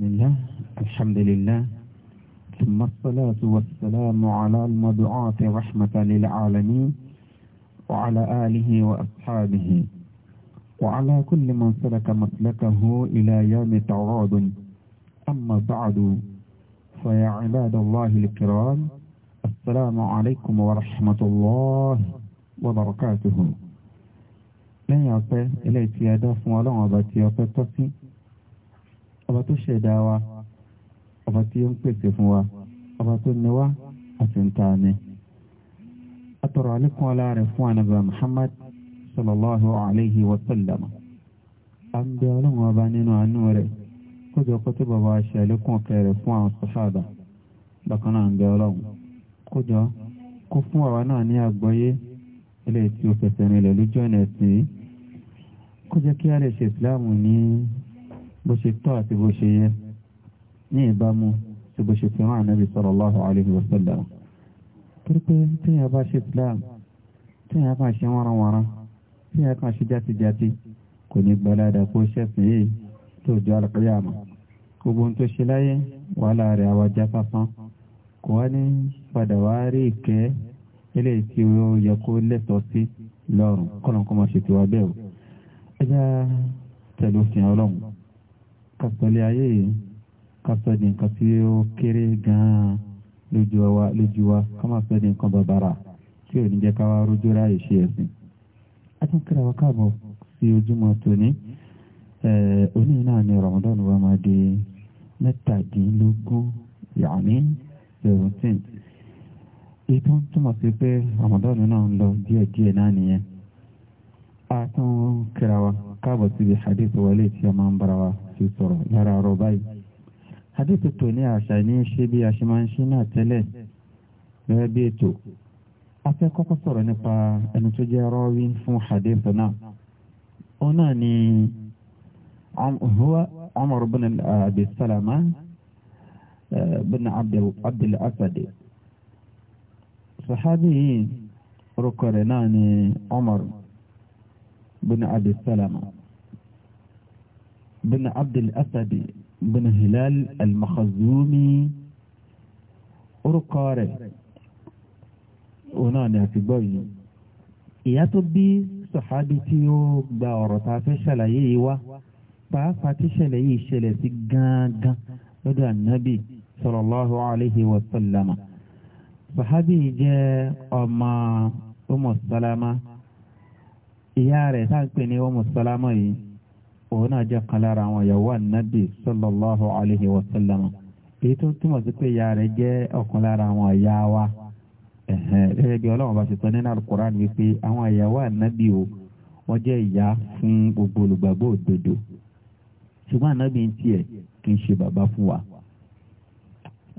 بسم الله الحمد لله ثم الصلاة والسلام على المبعوث رحمة للعالمين وعلى آله وأصحابه وعلى كل من سلك مسلكه إلى يوم تعراض أما بعد فيا عباد الله الكرام السلام عليكم ورحمة الله وبركاته لا يعطي إليك يا دافع ولا عبتي يعطي ọba tó ṣẹ̀dá wa ọba tí ó ń pèsè fún wa ọba tó ní wa àti ń ta ni. atọ̀rọ̀ àlékún ọlá rẹ̀ fún ànábì muhammad sallallahu alayhi wa sallam. a ń bẹ ọlọ́run ọba nínú àánú rẹ̀ kójọ kó tó bàbá ṣe àlékún ọ̀kẹ́ fún àwọn sàhábà bákan náà ń bẹ ọlọ́run kójọ kó fún àwa náà ní àgbọ́yé eléyìí tí ó fẹsẹ̀ rìn lẹ̀ lójú ọ̀nà ẹ̀sìn kó jẹ́ kí a lè ṣe ìsìláàmù ní bó ṣe tọ́ àti bó ṣe yẹ ní ìbámu tí bó ṣe fi hàn ànábì sallallahu alaihi wa sallam pípẹ́ tíyàn bá ṣe islam tíyàn kan ṣe wọ́nranwọ́nran tíyàn kan ṣe játijáti kò ní gbalada kó ṣẹ̀sìn yìí tó jọ alqiyama gbogbo ohun tó ṣe láyé wàhálà rẹ̀ àwa já sásán kò wá ní padà wá rí ìkẹ́ eléyìí tí ó yẹ kó lẹ́tọ̀ọ́ sí lọ́rùn kọ́nà kó má ṣe tiwa bẹ́ẹ̀ o tẹ̀lé òfin ọlọ́run kásọ̀lẹ̀ ayé yìí kásọ̀ di nǹkan tí ó kéré gan-an lójú wa lójú wa ká má sọ di nǹkan bàbàrà tí ò ní jẹ́ ká wá rójú ráyè ṣe ẹ̀sìn. a tún kíra wa káàbọ̀ sí ojúmọ́ tòní òní náà ni Ramadan wa máa di mẹ́tàdínlógún yàní seventeen èyí tó ń túmọ̀ sí pé Ramadan náà ń lọ díẹ̀díẹ̀ náà nìyẹn a tún kíra wa káàbọ̀ síbi hadith wọlé tí a máa ń bára wa fi sọ̀rọ̀ lára ọ̀rọ̀ báyìí. hadith tó ní àṣà ní ṣé bí a ṣe máa ń ṣe náà tẹ́lẹ̀ gẹ́gẹ́ bí ètò. a fẹ́ kọ́kọ́ sọ̀rọ̀ nípa ẹni tó jẹ́ rọ́ọ̀wí ni huwa amr bin abi salama eh, bin abdul asad. sahabi yìí ni umar. بن أبي سلمة بن عبد الأسد بن هلال المخزومي orúkọ rẹ̀ òun náà ni a ti gbọ́ yìí ìyá tó bí sọ̀hábí tí ó gba ọ̀rọ̀ tá a fẹ́ ṣàlàyé yìí wá pàápàá tí ṣẹlẹ̀ yìí ṣẹlẹ̀ sí gángan lọ́dọ̀ ànábì sallallahu alaihi wa sallama sọ̀hábí yìí jẹ́ ọmọ Ummu Salama ìyá rẹ̀ tá à ń pè ní ọmọ sálámà yìí òun náà jẹ́ kan lára àwọn ìyàwó ànábì sallallahu alayhi wa sallam èyí tó túmọ̀ sí pé ìyá rẹ̀ jẹ́ ọ̀kan lára àwọn ìyá wa gẹ́gẹ́ bí ọlọ́run bá ṣe sọ nínú alukoran wípé àwọn ìyàwó ànábì o wọ́n jẹ́ ìyá fún gbogbo olùgbàgbọ́ òdodo ṣùgbọ́n ànábì ń tiẹ̀ kì í ṣe bàbá fún wa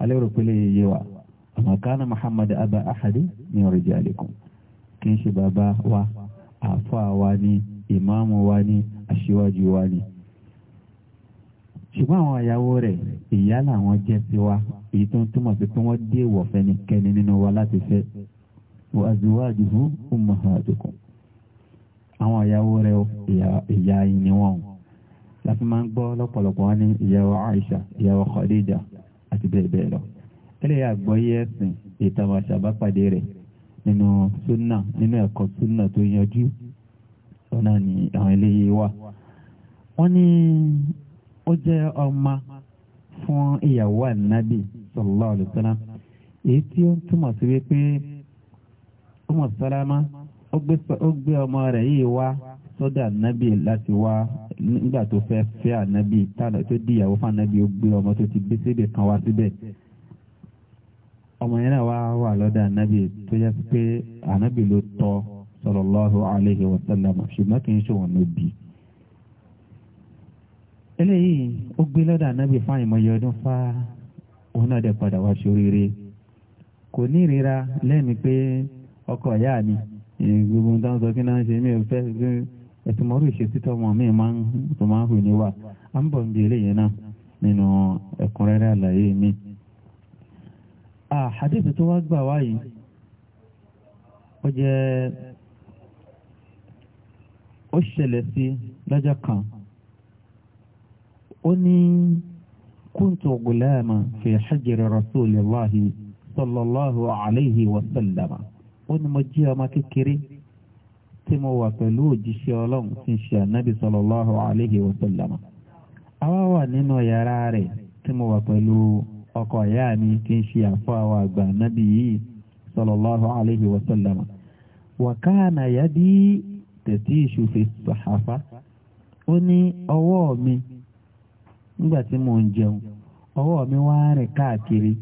alẹ́ rò pé lè yé wa ṣe bàbá wa àáfàá wa ni ìmáàmù wa ni aṣíwájú wa ni ṣùgbọ́n àwọn àyàwó rẹ̀ ìyá làwọn jẹ́ sí wa èyí tó ń túmọ̀ sí pé wọ́n dé ìwọ̀ fẹ́nikẹ́ni nínú wa láti fẹ́ wọ́n azuwájú fún ummahatukum àwọn àyàwó rẹ̀ ìyá yìí ni wọ́n láti máa ń gbọ́ lọ́pọ̀lọpọ̀ wọn ní ìyàwó Aisha ìyàwó Khadija àti bẹ́ẹ̀ bẹ́ẹ̀ lọ. ẹlẹ́yà àgbọ́yé ẹ̀sìn ìtàwọn nínú súnà nínú ẹ̀kọ́ súnà tó yanjú ọ̀nà ni àwọn eléyìí wà. wọ́n ní ó jẹ́ ọmọ fún ìyàwó ànábì sallallahu alaihi èyí tí ó ń túmọ̀ sí wípé ọmọ ó gbé ọmọ rẹ̀ yìí wá sọ́dọ̀ ànábì láti wá nígbà tó fẹ́ fẹ́ ànábì tó fún ànábì ó gbé ọmọ tó ti gbé síbẹ̀ kan wá síbẹ̀. ọmọ yẹn náà wá wà lọ́dọ̀ ànábì tó yẹ pé ànábì ló tọ́ sallallahu alayhi wa ṣùgbọ́n kì í ṣe òun eléyìí ó gbé lọ́dọ̀ ànábì fún àìmọye ọdún fá òun náà dẹ̀ padà wá ṣoríire ọkọ ìyá mi gbogbo nǹkan sọ kí náà ṣe mí mi máa ń tó máa ń hù ń bọ̀ ń mi. àhàdìsì tó wá gbà wá yìí ó jẹ́ ó ṣẹlẹ̀ sí lọ́jọ́ kan ó ní kúntù gùlẹ́mà fi hajjiri rasulillahi sallallahu alayhi wa sallama ó ní mo jẹ́ ọmọ kékeré tí mo wà pẹ̀lú òjíṣẹ́ ọlọ́run tí ń ṣe ànábì sallallahu alayhi wa sallama àwa wà nínú yàrá rẹ̀ tí mo wà pẹ̀lú ọkọ ya mi tí ń ṣe àfọ àwọn àgbà nábì yìí sallallahu wa sallam wa kana yadi tatishu fi sahafa ó ní ọwọ́ mi nígbà tí mò ń jẹun ọwọ́ mi wá rìn káàkiri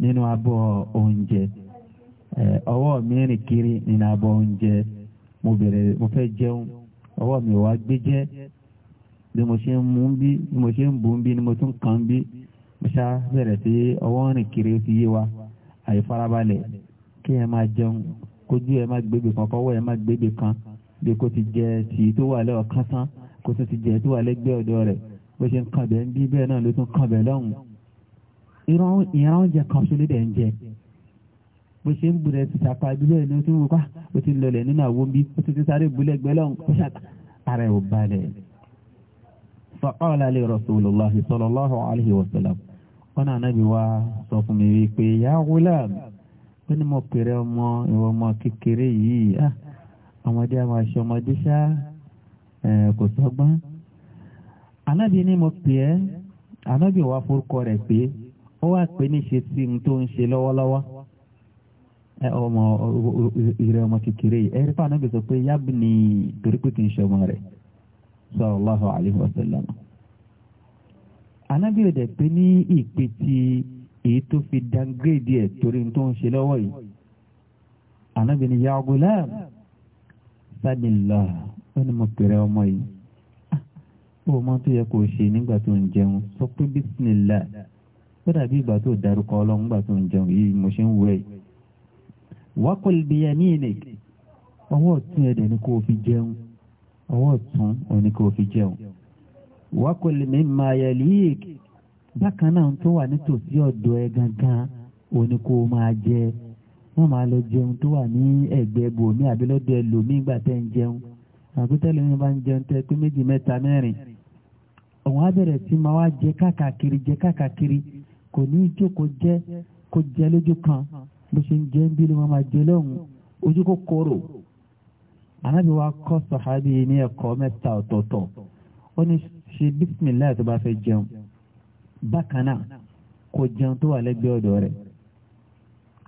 nínú abọ́ oúnjẹ kiri nínú abọ́ oúnjẹ mo bẹ̀rẹ̀ mo fẹ́ jẹun ọwọ́ mi wá gbé jẹ́ bí mo ṣe ń mú bí mo ṣe ń bù bí ni mo ṣá bẹ̀rẹ̀ sí ọwọ́ rìn kiri ó ti yé wa àìfarabalẹ̀ kí ẹ máa jẹun kójú ẹ má gbégbé kan kọ́wọ́ ẹ má gbégbé kan bí kò ti jẹ tì tó wà lẹ́wọ̀ kan tán kò tún ti jẹ tó wà lẹ́gbẹ́ ọ̀dọ̀ rẹ̀ bó ṣe ń kàn bẹ́ẹ̀ ń bí bẹ́ẹ̀ náà ló tún kàn bẹ́ẹ̀ lọ́hùn. ìran oúnjẹ kan ṣolé dẹ̀ ń jẹ bó ṣe ń gbúdẹ̀ ti sàpá ìbílẹ̀ ní oṣù wípá ó ti lọlẹ̀ nínú àwọn bí ó ti ti sáré gbúlẹ̀ gbẹ́ lọ́hùn ó ṣàkà ara ẹ̀ ò balẹ̀. faqala li rasulullahi sallallahu alaihi wasallam wọn náà nàbí wa sọ fún mi wípé ya gulam ó ní mo pèrè ọmọ ìwọ ọmọ kékeré yìí ah, ọmọdé àwọn aṣọ ọmọdé ṣá kò sọgbọ́n anábì ni mo pè ẹ́ anábì wa forúkọ rẹ̀ pé ó wà pé níṣe sí n tó ń ṣe lọ́wọ́lọ́wọ́ ẹ ọmọ ìrẹ ọmọ kékeré yìí ẹrí fún anábì sọ pé yábìnì torí pé kì í ṣe ọmọ rẹ̀ sallallahu alaihi Alá anábìrì dẹ̀ pé ní ìpè ti èyí tó fi dangrèdì ẹ̀ torí tó ń ṣe lọ́wọ́ yìí anábìrì ya gulam sábìlá ó ní mo pèrè ọmọ yìí ah, ó mọ tó yẹ kó ṣe nígbà tó ń jẹun sọ pé bísímìlá ó dàbí ìgbà tó darúkọ ọlọ́run nígbà tó ń jẹun yìí mo ṣe ń wẹ̀ wákòlì ní ìnìk ọwọ́ ọ̀tún ẹ̀dẹ̀ ni kò fi jẹun ọwọ́ ọ̀tún òní kò fi jẹun wákòlì mi máa yẹ líìkì bákan náà tó wà nítòsí ọ̀dọ̀ ẹ gangan òní kó máa jẹ wọ́n máa lọ jẹun tó wà ní ẹ̀gbẹ́ bòmí àbílọ́dọ̀ ẹlòmí ìgbà tẹ́ ń jẹun àbútẹ́lẹ̀ mi bá ń jẹun tẹ́ pé méjì mẹ́ta mẹ́rin òun á bẹ̀rẹ̀ sí máa wá jẹ káàkiri jẹ káàkiri kò ní í jẹ kó jẹ lójú kan bó ṣe ń jẹ ń bí ló máa jẹ lọ́hùn ojú kó korò anábìwá kọ́ sọ̀hábì ní ẹ̀kọ́ mẹ́ta ọ̀tọ̀ọ̀tọ̀ ó ní ṣe bísímìlá tó bá fẹ́ jẹun bákan náà kò jẹun tó wà lẹ́gbẹ̀ẹ́ ọ̀dọ̀ rẹ̀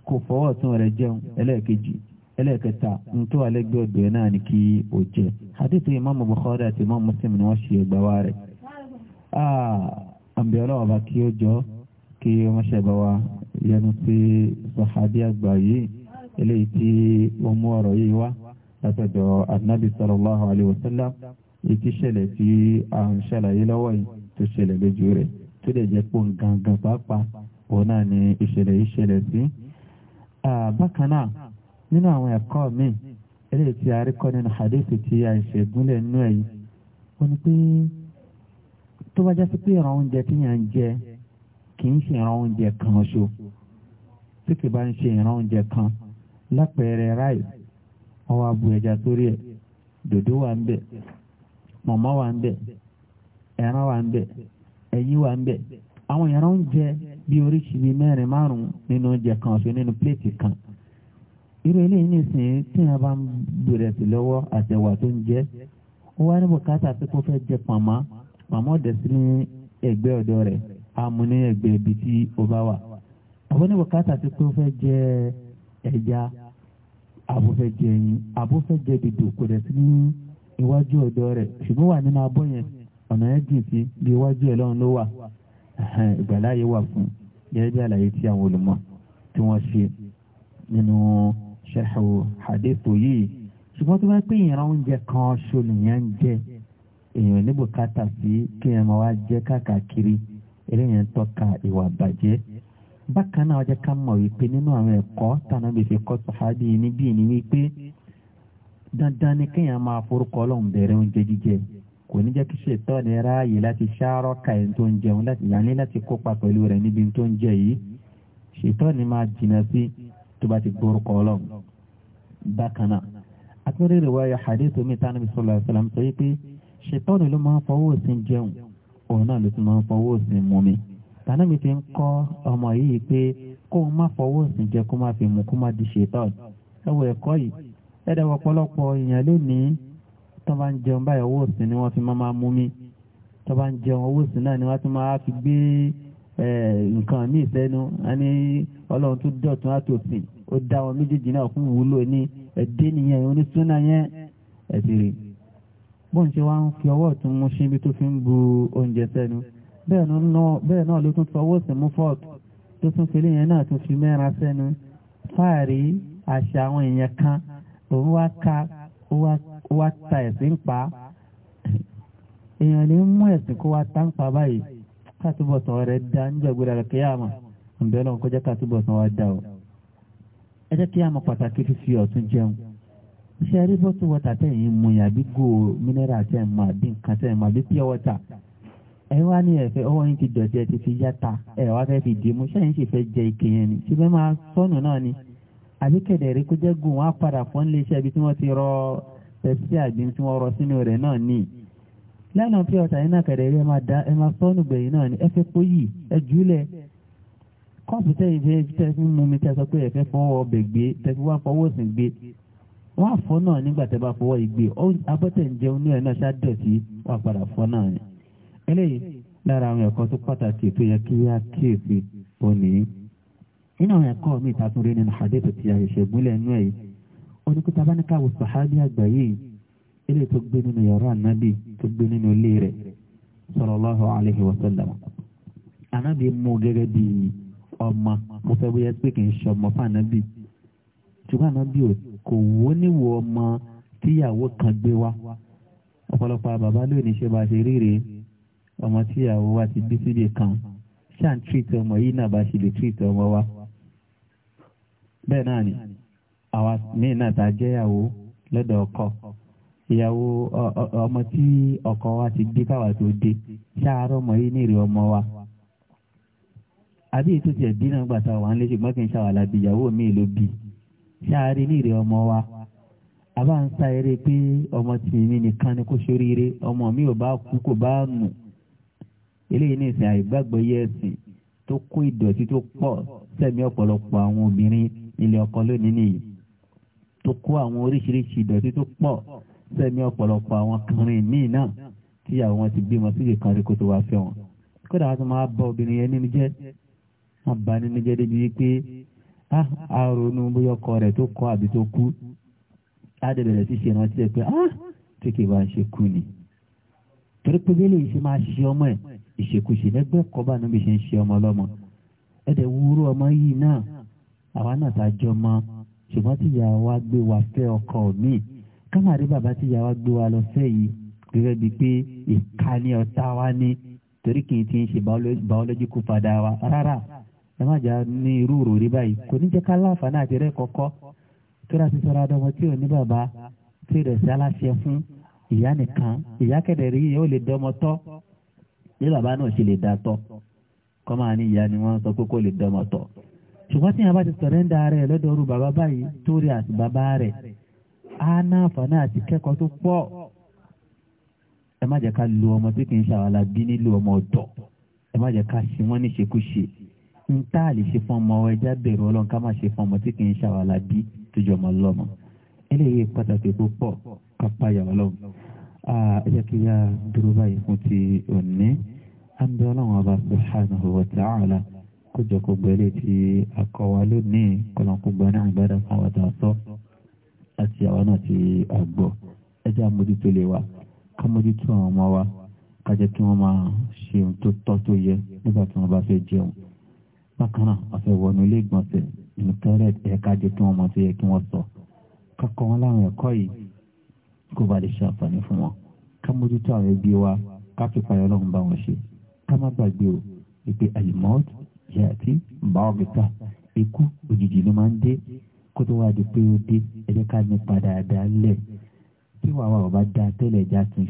kò fọwọ́ ọ̀tún rẹ̀ jẹun ẹlẹ́ẹ̀kejì ẹlẹ́ẹ̀kẹta n tó wà lẹ́gbẹ̀ẹ́ ọ̀dọ̀ rẹ̀ náà ni kí o jẹ hadith imaamu bukhari àti imaamu muslim ni wọ́n ṣe ẹgbà wa rẹ̀ ah, àǹbẹ̀ ọlọ́wọ́ bá kí ó jọ kí wọ́n ṣẹ̀bà wa yẹnu sí sahabi àgbà yìí eléyìí tí wọ́n mú ọ̀rọ̀ yìí wá látọ̀dọ̀ ètí ṣẹlẹ̀ tí a ń ṣàlàyé lọ́wọ́ yìí tó ṣẹlẹ̀ lójú rẹ̀ tó lè jẹ́ pé gangan pàápàá òun náà ni ìṣẹ̀lẹ̀ yìí ṣẹlẹ̀ sí. bákan náà nínú àwọn ẹ̀kọ́ mi eléyìí tí a rí kọ́ nínú hadith tí a ṣe gúnlẹ̀ nínú ẹ̀ yìí ó ní pé tó bá jásí pé ìran oúnjẹ tí yàn ń jẹ kì í ṣe ìran oúnjẹ kan ṣo tí kì bá ń ṣe ìran oúnjẹ kan lápẹẹrẹ ráì ọwọ́ abu ẹja sórí ẹ̀ dòdò wà ń bẹ̀ mọ̀mọ́ wa ń bẹ̀ ẹran wa ń bẹ̀ ẹ̀yí ń bẹ̀ àwọn èèyàn ń jẹ bí oríṣi bíi mẹ́rin márùn nínú kan ọ̀sẹ̀ nínú pleeti kan irú eléyìí nìsín tí wọn bá ń bẹ̀rẹ̀ sí lọ́wọ́ àtẹ̀wà tó ń jẹ́ ó wá ní bùkátà tí kò kata jẹ pàmò pàmò dẹ̀ ní ẹgbẹ́ ọ̀dọ́ rẹ̀ àmú ní ibi tí iwájú ọ̀dọ́ rẹ̀ ṣùgbọ́n wà nínú abọ́ yẹn ọ̀nà yẹn jìn sí bí iwájú ẹ̀ lọ́run ló wà ìgbàláyé wà fún gẹ́gẹ́ bí àlàyé tí àwọn olùmọ̀ tí wọ́n ṣe nínú ṣẹ́ṣọ́ àdéfò yìí ṣùgbọ́n tó bá pé ìran oúnjẹ kan ṣo nìyẹn ń jẹ èèyàn ní bùkátà sí kí ẹ̀ máa wá jẹ́ káàkiri eléyẹn ń tọ́ka ìwà bàjẹ́ bákan náà ọjọ́ ká mọ̀ wípé nínú àwọn ẹ̀kọ́ tànà gbèsè kọ́ sàhábì ni wípé dandan ni kéèyàn máa forúkọ ọlọ́run bẹ̀rẹ̀ oúnjẹ jíjẹ kò ní jẹ́ kí ṣètọ́ ni ráàyè láti ṣàárọ̀ ka ẹni tó ń jẹun yàní láti kópa pẹ̀lú rẹ̀ níbi tó ń jẹ yìí ṣètọ́ ni máa jìnnà sí tó bá ti gbórúkọ ọlọ́run bákan náà akérè rẹ̀ wáyà hadith omi tánà bí sọlá ìsàlámù sọ pé ṣètọ́ ni ló máa ń fọwọ́ òsín jẹun òun náà ló ti máa ń fọwọ́ òsín mú mi tánà mi ti ń kọ́ ọmọ yìí pé kó o má fọwọ́ òsín jẹ kó má fi mú kó má di ṣètọ́ ẹ̀wọ̀ ẹ̀kọ́ yìí ẹ̀dẹ̀ ọ̀pọ̀lọpọ̀ èèyàn lónìí tó bá ń jẹun báyìí owó òsì ni wọ́n fi máa mú mi tó bá ń jẹun owó òsì náà ni wọ́n ti máa fi gbé nǹkan ní ìsẹ́nu àní ọlọ́run tó dọ̀tún àtòsí ó dá wọn méjèèjì náà fún ìwúlò ní ẹ̀dẹ́ nìyẹn onísúná yẹn ẹ̀sìrì bóun ṣe wá ń fi ọwọ́ ọ̀tún mú síbi tó fi ń bu oúnjẹ sẹ́nu bẹ́ẹ̀ náà ló tún fọwọ́ sí mú fọ́ọ̀tù tó tún fi léyìn náà tún fi mẹ́ra sẹ́nu fáàrí àṣà àwọn èèyàn kan òun wá ka ta ẹ̀sìn pa èèyàn ní mú ẹ̀sìn kó wá ta ń pa báyìí kátìbọ̀sán rẹ̀ da níjọ́ gbéra rẹ̀ kéèyàn ǹbẹ́ náà kọjá kátìbọ̀sán wa dá o ẹ jẹ́ kí a mọ̀ pàtàkì fífi ọ̀tún jẹun ṣe rí wọ́tà tẹ̀yìn mineral àbí nǹkan àbí pure water ẹ wá ní ẹ̀fẹ́ ọwọ́ yín ti dọ̀tí ẹ ti fi yá ta ẹ wá fẹ́ fi dì í mú sì fẹ́ jẹ ike yẹn ni síbẹ̀ máa ni. àbí kẹ̀dẹ̀rí kó jẹ́ gùn wọ́n á padà fún ilé iṣẹ́ ibi tí wọ́n ti rọ pẹ̀sí àgbìn tí wọ́n rọ sínú rẹ̀ náà ní lẹ́nà pí ọ̀tà iná kẹ̀dẹ̀rí ẹ máa sọ́nù gbẹ̀yìn náà ní ẹ fẹ́ pó yìí ẹ jùlẹ̀ kọ́ọ̀pù tẹ́yìn fẹ́ tẹ́ fi mú mi tẹ́ sọ pé ẹ fẹ́ fọwọ́ ọbẹ̀ gbé tẹ́ fi wá fọwọ́ òsìn gbé wọ́n á fọ́ náà nígbà tẹ́ bá fọwọ́ ìgbé abọ́tẹ̀ ń jẹun ní ẹ̀ náà ṣáàdọ̀tí wà padà fọ́ náà ni eléyìí lára àwọn ẹ̀kọ́ tó pàtàkì tó yẹ kí á kíyèsí òní nínú àwọn ẹ̀kọ́ mi ìtàkùnrin nínú hadith ti àìṣègúnlẹ̀ inú ẹ̀ oníkúta bá ní káwọ sàhábí àgbà yìí ilé tó gbé nínú yàrá ànábì tó gbé nínú ilé rẹ̀ sallallahu alaihi wasallam ànábì mú gẹ́gẹ́ bí ọmọ mo fẹ́ bóyá pé kì í ṣe ọmọ fún ànábì ṣùgbọ́n ànábì ò kò wó níwò ọmọ tíyàwó kan gbé wá ọ̀pọ̀lọpọ̀ bàbá lónìí ṣe bá ṣe bẹ́ẹ̀ náà ni àwa míì náà tá a jẹ́ ìyàwó lọ́dọ̀ ọkọ ìyàwó ọmọ tí ọkọ wa ti dé káwa tó dé ṣáárọ̀ ọmọ yìí ní ìrè ọmọ wa àbí ètò tiẹ̀ bí náà gbàtà wà ń lé ṣùgbọ́n kì í ìyàwó mi ló bí ṣáárẹ̀ ní ọmọ wa àbá ń sa eré pé ọmọ tìmí nìkan ni kò ṣoríire ọmọ mi ò bá kú kò bá nù eléyìí ní ìsìn àìgbàgbọ́ yẹ ẹ̀sìn tó kó ìdọ̀tí tó pọ̀ sẹ́mi ọ̀pọ̀lọpọ̀ àwọn obìnrin ilé ọkọ lónìí nìyí tó kó àwọn oríṣiríṣi ìdọ̀tí tó pọ̀ sẹ́ni ọ̀pọ̀lọpọ̀ àwọn kùnrin míì náà tí àwọn ti bímọ sí ìkan rí kó tó wá fẹ́ wọn kódà wọn máa bá obìnrin yẹn nínú jẹ́ wọn bá nínú jẹ́ débi wípé a ronú bóyá ọkọ rẹ̀ tó kọ àbí tó kú á dẹ̀ bẹ̀rẹ̀ sí ṣe ìrántí ẹ̀ pé tí kì í bá ń ṣe kú ni torí pé bí eléyìí ṣe máa ṣe ọmọ ẹ̀ ìṣekúṣe lẹ́gbẹ́ kọ́ bá níbi ṣe ń ṣe ọmọ ọlọ́mọ ẹ̀dẹ̀ àwa náà tá a jọ mọ ṣùgbọ́n tí ìyá wa gbé wa fẹ́ ọkọ mi kámàrí bàbá tí ìyá wa gbé wa lọ fẹ́ yìí gẹ́gẹ́ bíi pé ìka ni ọ̀tá wa ní torí kì í ti ń ṣe biological father wa rárá ẹ má jà ní irú òròrí báyìí kò ní jẹ́ ká láǹfààní àti rẹ́ kọ́kọ́ tó rà sí sọ́ra tí ò ní bàbá tí rẹ̀ sí aláṣẹ fún ìyá nìkan ìyá kẹ̀dẹ̀ rí yẹn ó lè dọ́mọ tọ́ bí bàbá náà ṣe lè dá tọ́ kọ́ máa ní ìyá ni wọ́n sọ pé kó lè dọ́mọ tọ́ ṣùgbọ́n tí yẹn bá ti sọ̀rẹ́ńdà rẹ̀ lọ́dọọrù bàbá báyìí torí àti bàbá rẹ̀ á náà fàánà àti kẹ́kọ̀ọ́ tó pọ̀ ẹ má jẹ́ ká lu ọmọ tí kì í ṣàwàlà bí nílò ọmọ ọ̀dọ̀ ẹ má jẹ́ ká ṣe wọ́n ní ṣekúṣe ń tá a lè ṣe fún ọmọ ẹja bẹ̀rù ọlọ́run ká má ṣe fún ọmọ tí kì í ṣàwàlà bí tó ọmọ lọ́mọ eléyìí pàtàkì púpọ̀ kápá yà ọlọ́run ẹ jẹ́ kí kójọ kó gbẹ̀rẹ̀ tí akọwa lónìí kọlọ́nkó gbọ́ náà gbọ́dọ̀ fáwọn tó sọ láti àwọn náà ti àgbọ̀ ẹjẹ́ àmójútó lè wa ká mójútó àwọn ọmọ wa ká jẹ́ kí wọ́n máa ṣe ohun tó tọ́ tó yẹ nígbà tí wọ́n bá fẹ́ jẹun bákan náà ọ̀fẹ́ wọnú ilé ìgbọ̀nsẹ̀ nínú tọ́lẹ̀ ẹ̀ ká jẹ́ kí wọ́n mọ tó yẹ kí wọ́n sọ kákọ́ wọn láwọn ẹ̀kọ́ yìí kó ba lè ṣe àǹfààní fún wọn ká mójútó àwọn ẹbí wa ká fi payọ́ lọ́hùn bá wọn ṣe ká má gbàgbé o ìpè àyèmọ́ọ́tù yàtí bàbíta ikú òjijì ló máa ń dé kó tó wá di pé ó dé ẹ jẹ́ ká ní padà dálẹ̀ tí wàá wà bá da tẹ́lẹ̀ já tún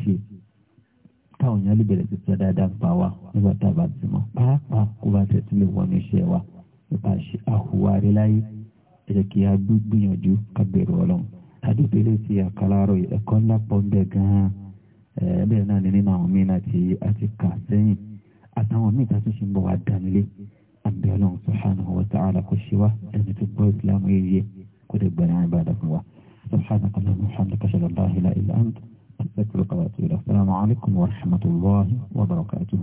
táwọn èèyàn lè bẹ̀rẹ̀ sí sọ dáadáa pa wá nígbà tá a bá ti mọ̀ pàápàá kó bá tẹ̀ tún lè wọnú iṣẹ́ wa nípa ṣe àhùwárí láyé ẹ kí a gbìyànjú ká bẹ̀rù ọlọ́run àdúgbò ilé ti àkàlárọ̀ ẹ̀kọ́ ńlá pọ̀ ń bẹ gan-an bẹ́ẹ̀ náà ni nínú àwọn míín náà tí a ti kà sẹ́yìn àtàwọn míín tá a tún ṣe ń bọ̀ wá dánilé àbí ọlọ́run subhanahu wa ta'ala kò ṣe wá ẹni tó gbọ́ ìsìlámù yìí kó lè gbẹ̀rẹ̀ àyìn bàdà fún wa subhanahu wa ta'ala muhammed kashalaam la ilaha illa anta astaghfiruka wa atubu ilayk assalamu alaykum wa rahmatullahi wa barakatuh.